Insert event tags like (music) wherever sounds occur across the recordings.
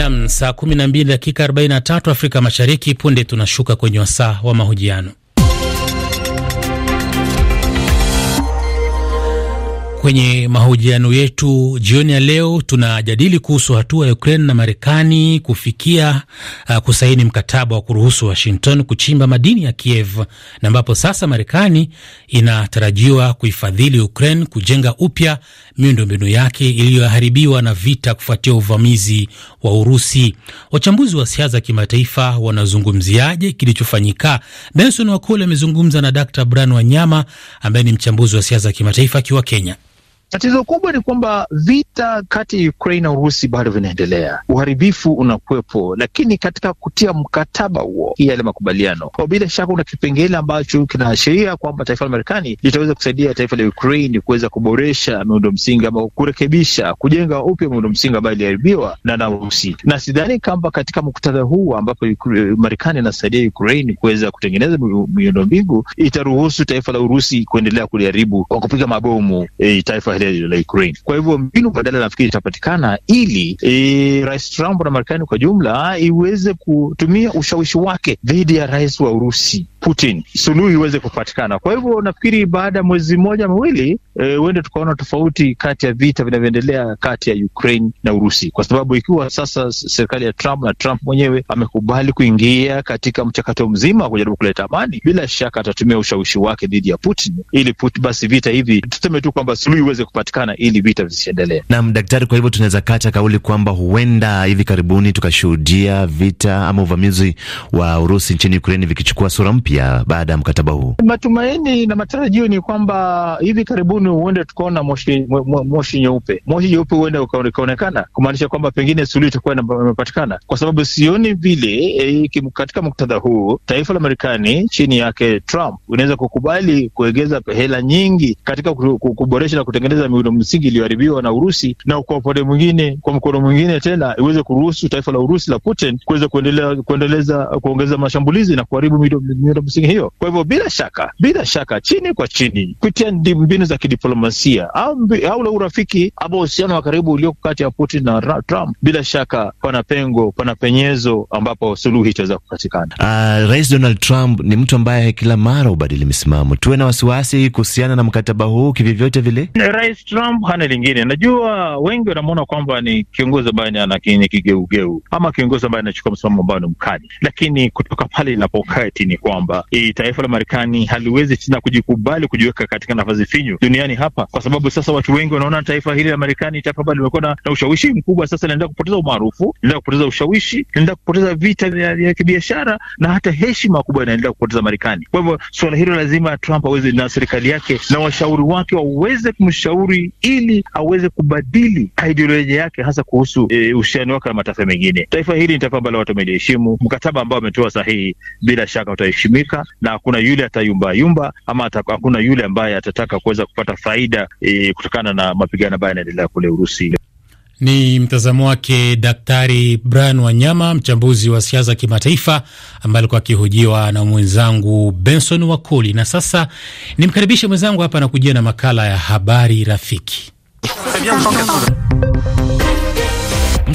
Nam, saa 12 dakika 43 Afrika Mashariki. Punde tunashuka kwenye wasaa wa mahojiano. Kwenye mahojiano yetu jioni ya leo tunajadili kuhusu hatua ya Ukraine na Marekani kufikia uh, kusaini mkataba wa kuruhusu Washington kuchimba madini ya Kiev, na ambapo sasa Marekani inatarajiwa kuifadhili Ukraine kujenga upya miundombinu yake iliyoharibiwa na vita kufuatia uvamizi wa Urusi. Wachambuzi wa siasa za kimataifa wanazungumziaje kilichofanyika? Benson Wakoli amezungumza na Dr Brian Wanyama ambaye ni mchambuzi wa siasa za kimataifa akiwa Kenya. Tatizo kubwa ni kwamba vita kati ya Ukraine na Urusi bado vinaendelea, uharibifu unakuwepo, lakini katika kutia mkataba huo, yale makubaliano, bila shaka kuna kipengele ambacho kinaashiria kwamba taifa la Marekani litaweza kusaidia taifa la Ukraine kuweza kuboresha miundo msingi ama kurekebisha, kujenga upya miundo msingi ambayo iliharibiwa na na Urusi, na sidhani kwamba katika muktadha huu ambapo Marekani inasaidia Ukraine kuweza kutengeneza miundo mbingu itaruhusu taifa la Urusi kuendelea kuliharibu kwa kupiga mabomu e, taifa kuangalia la Ukraine. Kwa hivyo mbinu badala nafikiri itapatikana ili e, Rais Trump na Marekani kwa jumla iweze kutumia ushawishi wake dhidi ya rais wa Urusi Putin, suluhu iweze kupatikana. Kwa hivyo nafikiri baada ya mwezi mmoja miwili huende e, tukaona tofauti kati ya vita vinavyoendelea kati ya Ukraine na Urusi, kwa sababu ikiwa sasa serikali ya Trump na Trump mwenyewe amekubali kuingia katika mchakato mzima wa kujaribu kuleta amani, bila shaka atatumia ushawishi wake dhidi ya Putin ili Putin, basi vita hivi tuseme tu kwamba suluhu iweze kupatikana ili vita visiendelee. Naam, daktari, kwa hivyo tunaweza kata kauli kwamba huenda hivi karibuni tukashuhudia vita ama uvamizi wa Urusi nchini Ukraine vikichukua sura mpya mpya baada ya mkataba huu? Matumaini na matarajio ni kwamba hivi karibuni huende tukaona moshi moshi nyeupe, moshi nyeupe huende ukaonekana, kumaanisha kwamba pengine suluhu itakuwa imepatikana, kwa sababu sioni vile e, katika muktadha huu taifa la Marekani chini yake Trump inaweza kukubali kuegeza hela nyingi katika kuboresha na kutengeneza miundo msingi iliyoharibiwa na Urusi, na kwa upande mwingine, kwa mkono mwingine tena iweze kuruhusu taifa la Urusi la Putin kuweza kuendelea kuendeleza kuongeza mashambulizi na kuharibu miundo miundo msingi hiyo. Kwa hivyo bila shaka, bila shaka, chini kwa chini, kupitia mbinu za kidiplomasia au ule urafiki ama uhusiano wa karibu ulioko kati ya Putin na Trump, bila shaka pana pengo, pana penyezo ambapo suluhu itaweza kupatikana. Uh, Rais Donald Trump ni mtu ambaye kila mara hubadili misimamo. Tuwe na wasiwasi kuhusiana na mkataba huu kivyovyote vile. Eh, Rais Trump hana lingine, najua wengi wanamwona kwamba ni kiongozi ambaye ni kigeugeu ama kiongozi ambaye anachukua msimamo ambayo ni mkali, lakini kutoka pale inapokaa ni kwamba kwamba e, taifa la Marekani haliwezi tena kujikubali kujiweka katika nafasi finyu duniani hapa, kwa sababu sasa watu wengi wanaona taifa hili la Marekani taifa ambalo limekuwa na, ushawishi mkubwa, sasa linaenda kupoteza umaarufu, linaenda kupoteza ushawishi, linaenda kupoteza vita vya kibiashara na hata heshima kubwa inaendelea kupoteza Marekani. Kwa hivyo suala hilo lazima Trump aweze na serikali yake na washauri wake waweze kumshauri ili aweze kubadili ideolojia yake, hasa kuhusu e, uhusiano wake na mataifa mengine. Taifa hili ni taifa ambalo watu wameliheshimu, mkataba ambao wametoa sahihi bila shaka utaheshimia kutumika, na hakuna yule atayumbayumba ama hakuna yule ambaye atataka kuweza kupata faida e, kutokana na mapigano ambayo yanaendelea kule Urusi. Ni mtazamo wake Daktari Brian Wanyama, mchambuzi wa siasa kimataifa, ambaye alikuwa akihojiwa na mwenzangu Benson Wakoli. Na sasa nimkaribishe mwenzangu hapa na kujia na makala ya habari rafiki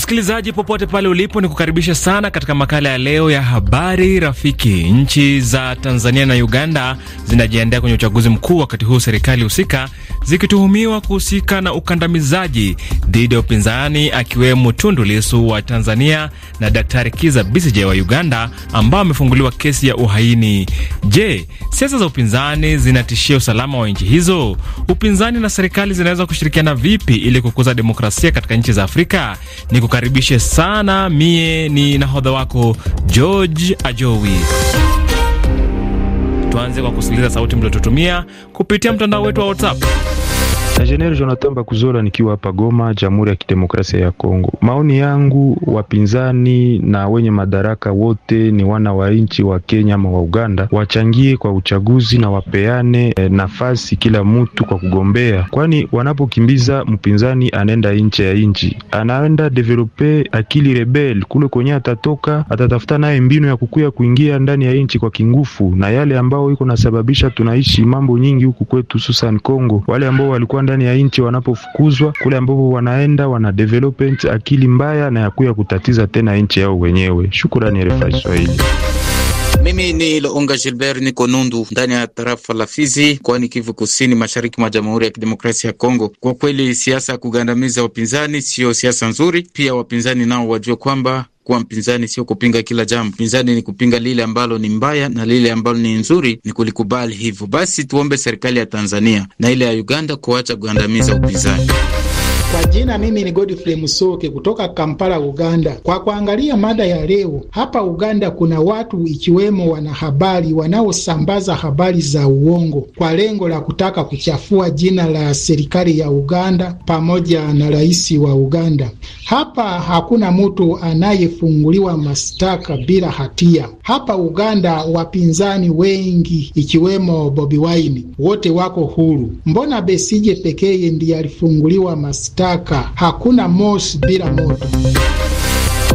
Msikilizaji popote pale ulipo, ni kukaribisha sana katika makala ya leo ya habari rafiki. Nchi za Tanzania na Uganda zinajiandaa kwenye uchaguzi mkuu, wakati huu serikali husika zikituhumiwa kuhusika na ukandamizaji dhidi ya upinzani akiwemo Tundu Lissu wa Tanzania na Daktari Kiza Bisije wa Uganda ambao amefunguliwa kesi ya uhaini. Je, siasa za upinzani zinatishia usalama wa nchi hizo? Upinzani na serikali zinaweza kushirikiana vipi ili kukuza demokrasia katika nchi za Afrika? ni kukaribishe sana, mie ni nahodha wako George Ajowi. Tuanze kwa kusikiliza sauti mliotutumia kupitia mtandao wetu wa WhatsApp na Jener Jonathan Bakuzola nikiwa hapa Goma, Jamhuri ya Kidemokrasia ya Kongo. Maoni yangu, wapinzani na wenye madaraka wote ni wana wa nchi wa Kenya ama wa Uganda, wachangie kwa uchaguzi na wapeane e, nafasi kila mtu kwa kugombea, kwani wanapokimbiza mpinzani anaenda nje ya nchi, anaenda develope akili rebel kule kwenye atatoka, atatafuta naye mbinu ya kukuya kuingia ndani ya nchi kwa kingufu, na yale ambao iko nasababisha tunaishi mambo nyingi huku kwetu, hususan Kongo, wale ambao walikuwa ndani ya nchi wanapofukuzwa kule, ambapo wanaenda development akili mbaya na yakuya kutatiza tena nchi yao wenyewe. Shukrani RFI Swahili. Mimi ni Loonga Gilbert, niko Nundu ndani ya tarafa la Fizi, kwani Kivu Kusini, mashariki mwa Jamhuri ya Kidemokrasia ya Kongo. Kwa kweli siasa ya kugandamiza wapinzani siyo siasa nzuri. Pia wapinzani nao wajue kwamba kuwa mpinzani sio kupinga kila jambo. Mpinzani ni kupinga lile ambalo ni mbaya na lile ambalo ni nzuri ni kulikubali. Hivyo basi, tuombe serikali ya Tanzania na ile ya Uganda kuacha kugandamiza upinzani. Kwa jina mimi ni Godfrey Musoke kutoka Kampala, Uganda. Kwa kuangalia mada ya leo, hapa Uganda kuna watu ikiwemo wanahabari wanaosambaza habari za uongo kwa lengo la kutaka kuchafua jina la serikali ya Uganda pamoja na rais wa Uganda. Hapa hakuna mtu anayefunguliwa mashtaka bila hatia. Hapa Uganda wapinzani wengi ikiwemo Bobi Wine wote wako huru. Mbona Besije pekee ndiye alifunguliwa mashtaka shaka hakuna mosi bila moto.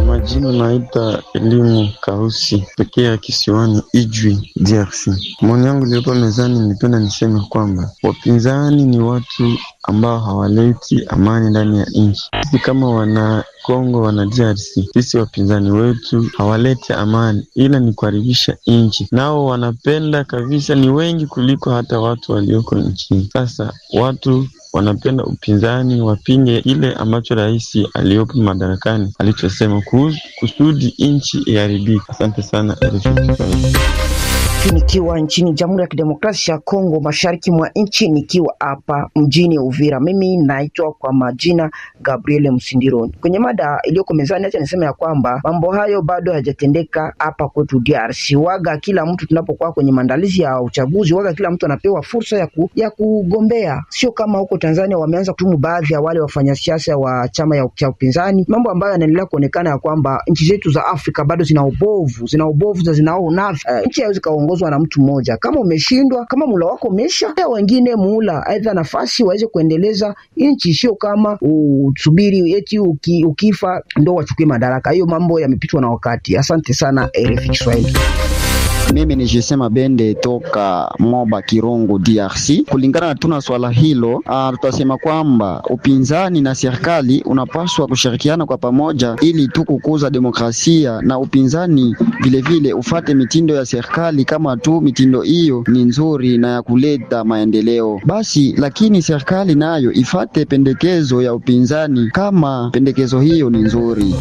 Majina naita elimu kausi pekee ya kisiwani Ijwi, DRC. Maoni yangu iliyopo mezani, nilipenda niseme kwamba wapinzani ni watu ambao hawaleti amani ndani ya nchi. Sisi kama wana Kongo, wana DRC, sisi wapinzani wetu hawaleti amani, ila ni kuharibisha nchi. Nao wanapenda kabisa, ni wengi kuliko hata watu walioko nchini. Sasa watu wanapenda upinzani wapinge ile ambacho rais aliyopo madarakani alichosema kusudi nchi iharibika. Asante sana RFI Kiswahili nikiwa nchini Jamhuri ya Kidemokrasia ya Kongo, mashariki mwa nchi, nikiwa hapa mjini Uvira. Mimi naitwa kwa majina Gabriel Msindironi. Kwenye mada iliyoko mezani, acha niseme ya kwamba mambo hayo bado hayajatendeka hapa kwetu DRC. Waga kila mtu tunapokuwa kwenye maandalizi ya uchaguzi, waga kila mtu anapewa fursa ya, ku, ya kugombea, sio kama huko Tanzania wameanza kutumu baadhi ya wale wafanyasiasa wa chama ya cha upinzani, mambo ambayo yanaendelea kuonekana ya kwamba nchi zetu za Afrika bado zina ubovu, zina ubovu na zinao Uh, eh, nchi haiwezi kaongoza kuongozwa na mtu mmoja. Kama umeshindwa, kama mula wako umesha, wengine muula aidha nafasi waweze kuendeleza nchi, sio kama usubiri eti uki, ukifa ndo wachukue madaraka. Hiyo mambo yamepitwa na wakati. Asante sana RFI Kiswahili. Mimi ni Jesema Bende toka Moba Kirungu, DRC. Kulingana na tuna swala hilo, ah, tutasema kwamba upinzani na serikali unapaswa kushirikiana kwa pamoja ili tu kukuza demokrasia, na upinzani vilevile ufate mitindo ya serikali, kama tu mitindo hiyo ni nzuri na ya kuleta maendeleo basi, lakini serikali nayo ifate pendekezo ya upinzani kama pendekezo hiyo ni nzuri.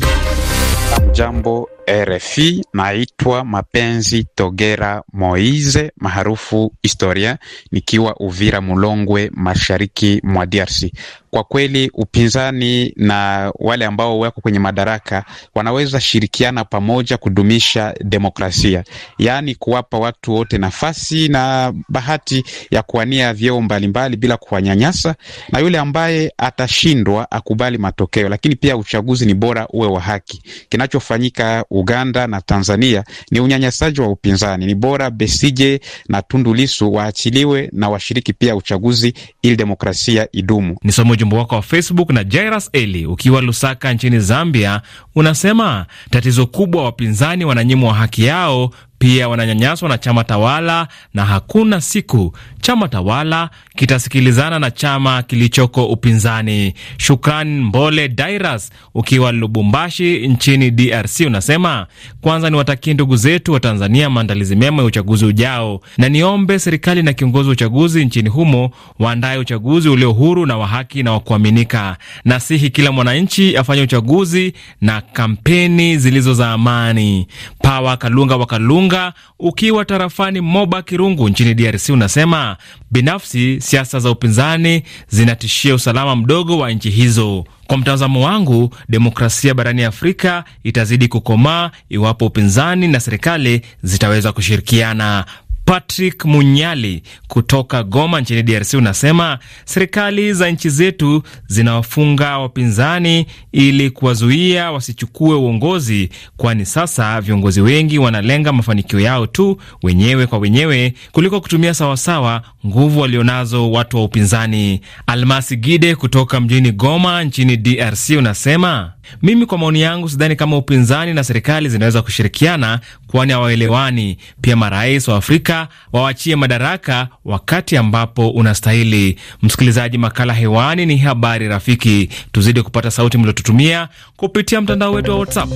Jambo RFI. Naitwa Mapenzi Togera Moize, maarufu Historia, nikiwa Uvira Mulongwe, mashariki mwa DRC. Kwa kweli upinzani na wale ambao wako kwenye madaraka wanaweza shirikiana pamoja kudumisha demokrasia, yaani kuwapa watu wote nafasi na bahati ya kuwania vyeo mbalimbali bila kuwanyanyasa, na yule ambaye atashindwa akubali matokeo. Lakini pia uchaguzi ni bora uwe wa haki. Kinachofanyika Uganda na Tanzania ni unyanyasaji wa upinzani. Ni bora Besije na Tundu Lisu waachiliwe na washiriki pia uchaguzi ili demokrasia idumu. Nisome ujumbe wako wa Facebook na Jairus Eli ukiwa Lusaka nchini Zambia, unasema tatizo kubwa wapinzani wananyimwa haki yao pia wananyanyaswa na chama tawala, na hakuna siku chama tawala kitasikilizana na chama kilichoko upinzani. Shukran Mbole Dairas, ukiwa Lubumbashi nchini DRC, unasema kwanza niwatakie ndugu zetu wa Tanzania maandalizi mema ya uchaguzi ujao, na niombe serikali na kiongozi wa uchaguzi nchini humo waandaye uchaguzi ulio huru na wa haki na wa kuaminika. Nasihi kila mwananchi afanye uchaguzi na kampeni zilizo za amani. Pawa Kalunga wa Kalunga Lunga ukiwa tarafani Moba Kirungu nchini DRC unasema binafsi, siasa za upinzani zinatishia usalama mdogo wa nchi hizo. Kwa mtazamo wangu, demokrasia barani Afrika itazidi kukomaa iwapo upinzani na serikali zitaweza kushirikiana. Patrick Munyali kutoka Goma nchini DRC unasema serikali za nchi zetu zinawafunga wapinzani ili kuwazuia wasichukue uongozi, kwani sasa viongozi wengi wanalenga mafanikio yao tu wenyewe kwa wenyewe kuliko kutumia sawasawa nguvu walionazo watu wa upinzani. Almasi Gide kutoka mjini Goma nchini DRC unasema mimi kwa maoni yangu sidhani kama upinzani na serikali zinaweza kushirikiana, kwani hawaelewani. Pia marais wa Afrika wawachie madaraka wakati ambapo unastahili. Msikilizaji, makala hewani ni habari rafiki, tuzidi kupata sauti mliotutumia kupitia mtandao wetu wa WhatsApp.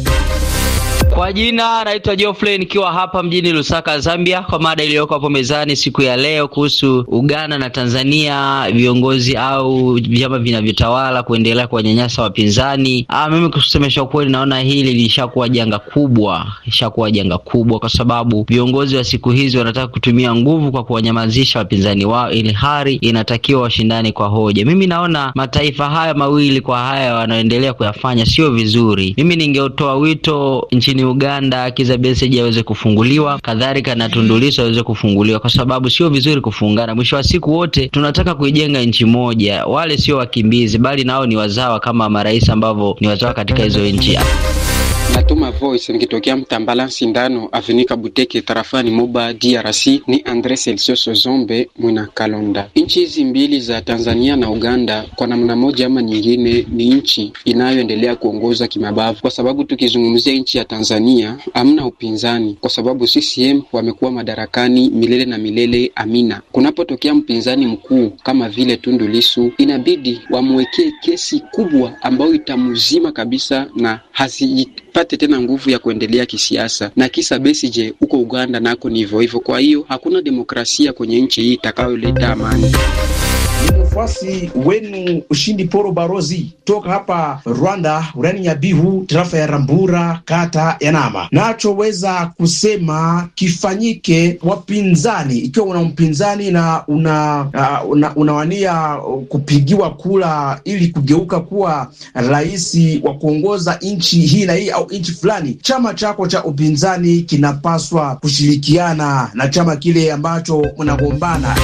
Kwa jina naitwa Geoffrey nikiwa hapa mjini Lusaka, Zambia, kwa mada iliyoko hapo mezani siku ya leo kuhusu Uganda na Tanzania, viongozi au vyama vinavyotawala kuendelea kuwanyanyasa wapinzani. Ah, mimi kusemesha ukweli, naona hili lishakuwa janga kubwa, lishakuwa janga kubwa kwa sababu viongozi wa siku hizi wanataka kutumia nguvu kwa kuwanyamazisha wapinzani wao, ili hali inatakiwa washindane kwa hoja. Mimi naona mataifa haya mawili kwa haya wanaendelea kuyafanya sio vizuri. Mimi ningeotoa wito nchi nchini Uganda Kizza Besigye aweze kufunguliwa, kadhalika na Tundu Lissu aweze kufunguliwa, kwa sababu sio vizuri kufungana. Mwisho wa siku wote tunataka kuijenga nchi moja. Wale sio wakimbizi, bali nao ni wazawa kama marais ambavyo ni wazawa katika hizo nchi. Natuma voice nikitokea Mtambala Sindano Avinika Buteke tarafani Moba DRC. Ni Andre Celsius Zombe Mwina Kalonda. Nchi hizi mbili za Tanzania na Uganda kwa namna moja ama nyingine ni nchi inayoendelea kuongoza kimabavu, kwa sababu tukizungumzia nchi ya Tanzania Tanzania hamna upinzani, kwa sababu CCM wamekuwa madarakani milele na milele. Amina, kunapotokea mpinzani mkuu kama vile Tundu Lisu, inabidi wamwekee kesi kubwa ambayo itamuzima kabisa na hasipate tena nguvu ya kuendelea kisiasa. Na kisa Besigye huko Uganda nako ni hivyo hivyo. Kwa hiyo hakuna demokrasia kwenye nchi hii itakayoleta amani ni mfuasi wenu Ushindi Poro Barozi toka hapa Rwanda, urani Nyabihu, tarafa ya Rambura, kata ya Nama. Nachoweza kusema kifanyike, wapinzani, ikiwa una mpinzani na una, uh, una unawania kupigiwa kula ili kugeuka kuwa rahisi wa kuongoza nchi hii na hii au nchi fulani, chama chako cha upinzani kinapaswa kushirikiana na chama kile ambacho mnagombana.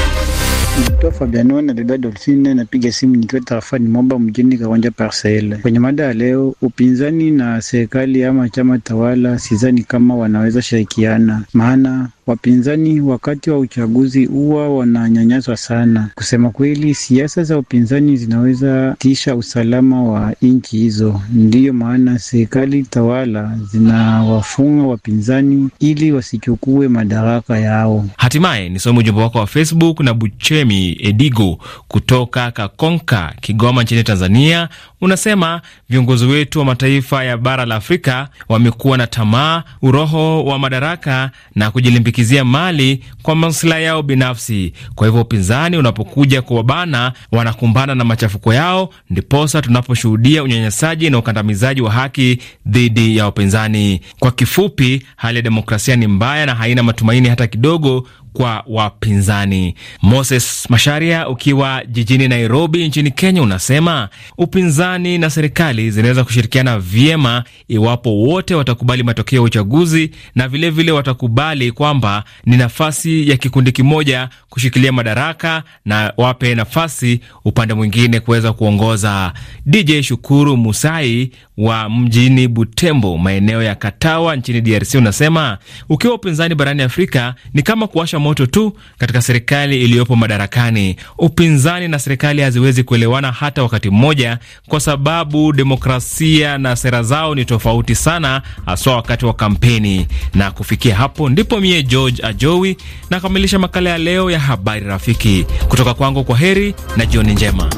Naitwa na Beba Dolfine, napiga simu nikiwa tarafani Moba mjini Kawanja Parcele. Kwenye mada ya leo, upinzani na serikali ama chama tawala, sidhani kama wanaweza shirikiana, maana Wapinzani wakati wa uchaguzi huwa wananyanyaswa sana. Kusema kweli, siasa za upinzani zinaweza tisha usalama wa nchi hizo. Ndiyo maana serikali tawala zinawafunga wapinzani ili wasichukue madaraka yao. Hatimaye ni somo ujumbe wako wa Facebook na Buchemi Edigo kutoka Kakonka, Kigoma nchini Tanzania. Unasema viongozi wetu wa mataifa ya bara la Afrika wamekuwa na tamaa, uroho wa madaraka na kujilimbikia kujilimbikizia mali kwa maslahi yao binafsi. Kwa hivyo upinzani unapokuja wabana, wanakumbana na machafuko yao, ndiposa tunaposhuhudia unyanyasaji na ukandamizaji wa haki dhidi ya upinzani. Kwa kifupi, hali ya demokrasia ni mbaya na haina matumaini hata kidogo kwa wapinzani. Moses Masharia, ukiwa jijini Nairobi nchini Kenya, unasema upinzani na serikali zinaweza kushirikiana vyema iwapo wote watakubali matokeo ya uchaguzi na vilevile vile watakubali kwamba ni nafasi ya kikundi kimoja kushikilia madaraka na wape nafasi upande mwingine kuweza kuongoza. DJ Shukuru Musai wa mjini Butembo, maeneo ya Katawa nchini DRC, unasema ukiwa upinzani barani Afrika ni kama kuwasha kuwasha moto tu katika serikali iliyopo madarakani. Upinzani na serikali haziwezi kuelewana hata wakati mmoja, kwa sababu demokrasia na sera zao ni tofauti sana, haswa wakati wa kampeni. Na kufikia hapo ndipo mie George Ajowi nakamilisha makala ya leo ya habari rafiki. Kutoka kwangu, kwa heri na jioni njema.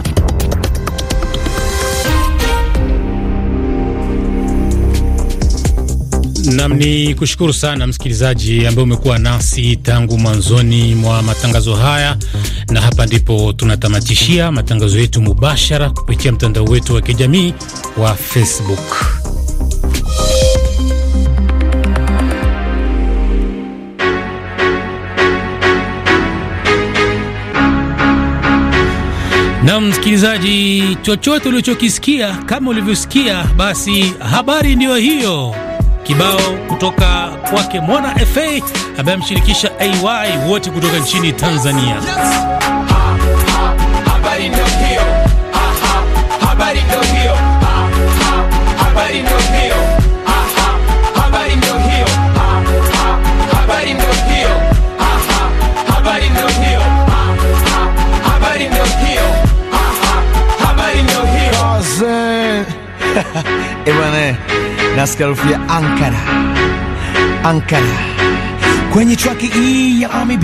Nam ni kushukuru sana msikilizaji ambaye umekuwa nasi tangu mwanzoni mwa matangazo haya, na hapa ndipo tunatamatishia matangazo yetu mubashara kupitia mtandao wetu wa kijamii wa Facebook. Na msikilizaji, chochote ulichokisikia, kama ulivyosikia, basi habari ndiyo hiyo kibao kutoka kwake Mwana FA ambaye amshirikisha AY wote kutoka nchini Tanzania. Ha, ha, (laughs) na skarufu ya Ankara Ankara kwenye traki hii ya Ami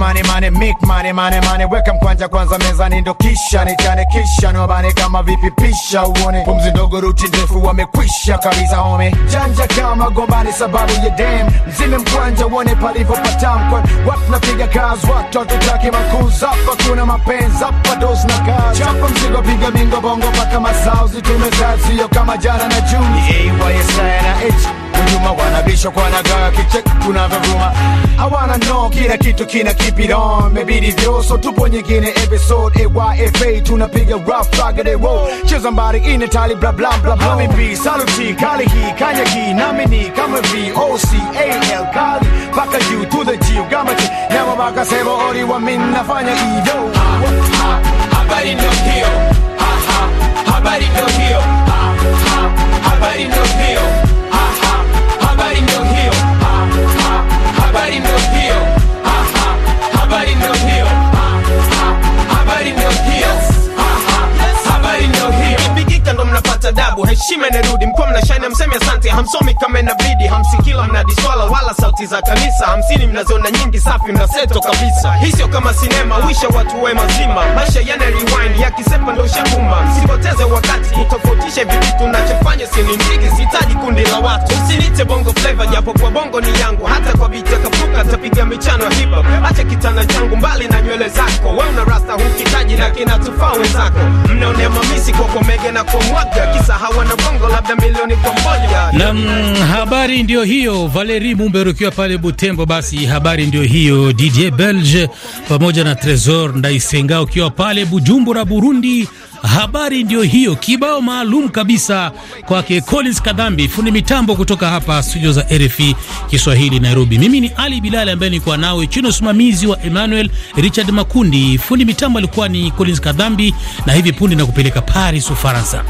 money money make money money money, weka mkwanja kwanza mezani, ndo kisha nichane, kisha nobane kama vipi, pisha uone pumzi ndogo, ruti ndefu, wamekwisha kabisa home, janja kama gombani, sababu ya dem mzime mkwanja, uone palivo kwa watu napiga kazi, watu taki makuza, kuna mapenza hapa, dozi na kazi, chapa mzigo, piga bingo bongo, paka masauzi, tumezazi sio kama jana na Juni, AYSI na H nyuma, wanabishwa kwa nagaa kicheki kunavyovuma, hawana no, kila kitu kina keep on, imebidi vyoso, tupo nyingine episode AYFA, tunapiga rough rugged road, cheza mbali inetali bla bla bla bla, Hami bi saluti, kali hi kanya ki nami ni kama vi O, C, A, L, kali, paka juu, to the G, gama ki nyama baka sebo, ori wa minafanya hivyo, habari ndio ha ha, habari ndio hiyo, ha ha, habari ndio hiyo, ha, ha, habari ndio hiyo habari ndio hiyo ha, ha, habari ndio hiyo ha, ha, habari ndio hiyo ha, ha, habari ndio hiyo ha, ha, habari ndio hiyo ikipigika ndo mnapata dabu heshima inarudi Hamsemi asante, hamsomi kama inabidi, hamsikila mnadiswala wala sauti za kanisa. Hamsini mnaziona nyingi, safi mnaseto kabisa. Hii sio kama sinema, wisha watu we mazima. Maisha yana rewind, yakisepa ndo ushakuma. Sipoteze wakati kutofautisha vitu sini mziki, sihitaji kundi la watu. Usinite bongo fleva japo kwa bongo ni yangu, hata kwa biti akapuka, tapiga michano ya hip hop. Acha kitana changu mbali na nywele zako, we una rasta hukitaji na kinatufaa wenzako. Mnaonea mamisi kwa komege na kwa mwaga, kisa hawana bongo Nam, habari ndio hiyo. Valeri Mumbe ukiwa pale Butembo, basi habari ndio hiyo. DJ Belge pamoja na Tresor Ndaisenga ukiwa pale Bujumbura, Burundi, habari ndio hiyo. Kibao maalum kabisa kwake Collins Kadhambi, fundi mitambo kutoka hapa studio za RFI Kiswahili Nairobi. Mimi ni Ali Bilali ambaye nilikuwa nawe chini usimamizi wa Emmanuel Richard Makundi. Fundi mitambo alikuwa ni Collins Kadhambi, na hivi punde na kupeleka Paris, Ufaransa.